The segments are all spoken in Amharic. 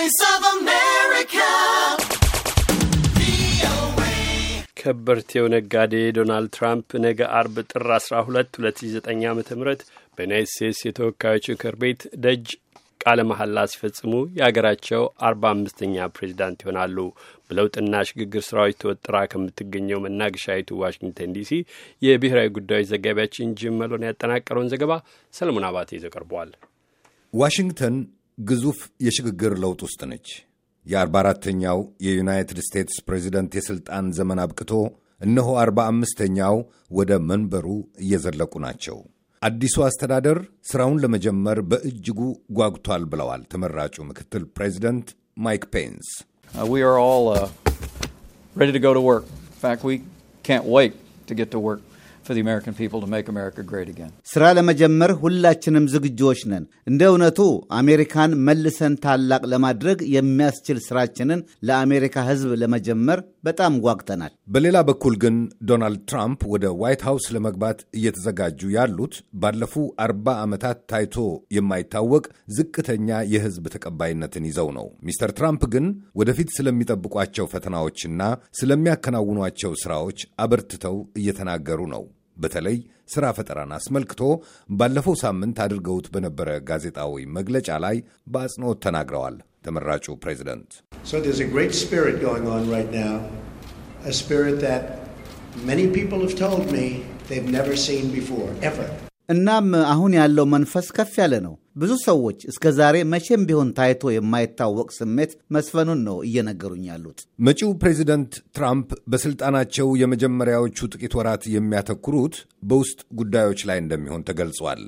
Voice of America. ከበርቴው ነጋዴ ዶናልድ ትራምፕ ነገ አርብ ጥር 12 2009 ዓ ም በዩናይት ስቴትስ የተወካዮች ምክር ቤት ደጅ ቃለ መሐላ ሲፈጽሙ የአገራቸው 45 ኛ ፕሬዚዳንት ይሆናሉ። በለውጥና ሽግግር ስራዎች ተወጥራ ከምትገኘው መናገሻዊቱ ዋሽንግተን ዲሲ የብሔራዊ ጉዳዮች ዘጋቢያችን ጅም መሎን ያጠናቀረውን ዘገባ ሰለሞን አባቴ ይዘው ቀርበዋል። ዋሽንግተን ግዙፍ የሽግግር ለውጥ ውስጥ ነች። የ44ተኛው የዩናይትድ ስቴትስ ፕሬዚደንት የሥልጣን ዘመን አብቅቶ እነሆ 45ተኛው ወደ መንበሩ እየዘለቁ ናቸው። አዲሱ አስተዳደር ሥራውን ለመጀመር በእጅጉ ጓጉቷል ብለዋል ተመራጩ ምክትል ፕሬዚደንት ማይክ ፔንስ። uh, We are all uh, ready to go ስራ ለመጀመር ሁላችንም ዝግጆች ነን። እንደ እውነቱ አሜሪካን መልሰን ታላቅ ለማድረግ የሚያስችል ስራችንን ለአሜሪካ ሕዝብ ለመጀመር በጣም ጓግተናል። በሌላ በኩል ግን ዶናልድ ትራምፕ ወደ ዋይት ሃውስ ለመግባት እየተዘጋጁ ያሉት ባለፉ አርባ ዓመታት ታይቶ የማይታወቅ ዝቅተኛ የሕዝብ ተቀባይነትን ይዘው ነው። ሚስተር ትራምፕ ግን ወደፊት ስለሚጠብቋቸው ፈተናዎችና ስለሚያከናውኗቸው ስራዎች አበርትተው እየተናገሩ ነው። በተለይ ሥራ ፈጠራን አስመልክቶ ባለፈው ሳምንት አድርገውት በነበረ ጋዜጣዊ መግለጫ ላይ በአጽንኦት ተናግረዋል። ተመራጩ ፕሬዚደንት እናም አሁን ያለው መንፈስ ከፍ ያለ ነው። ብዙ ሰዎች እስከ ዛሬ መቼም ቢሆን ታይቶ የማይታወቅ ስሜት መስፈኑን ነው እየነገሩኝ ያሉት። መጪው ፕሬዚደንት ትራምፕ በስልጣናቸው የመጀመሪያዎቹ ጥቂት ወራት የሚያተኩሩት በውስጥ ጉዳዮች ላይ እንደሚሆን ተገልጿል።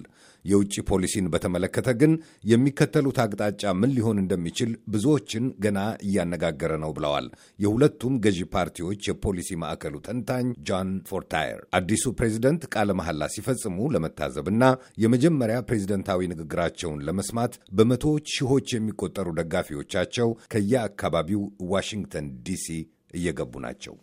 የውጭ ፖሊሲን በተመለከተ ግን የሚከተሉት አቅጣጫ ምን ሊሆን እንደሚችል ብዙዎችን ገና እያነጋገረ ነው ብለዋል የሁለቱም ገዢ ፓርቲዎች የፖሊሲ ማዕከሉ ተንታኝ ጆን ፎርታየር። አዲሱ ፕሬዚደንት ቃለ መሐላ ሲፈጽሙ ለመታዘብና የመጀመሪያ ፕሬዚደንታዊ ንግግራቸው ድምፃቸውን ለመስማት በመቶዎች ሺዎች የሚቆጠሩ ደጋፊዎቻቸው ከየአካባቢው ዋሽንግተን ዲሲ እየገቡ ናቸው።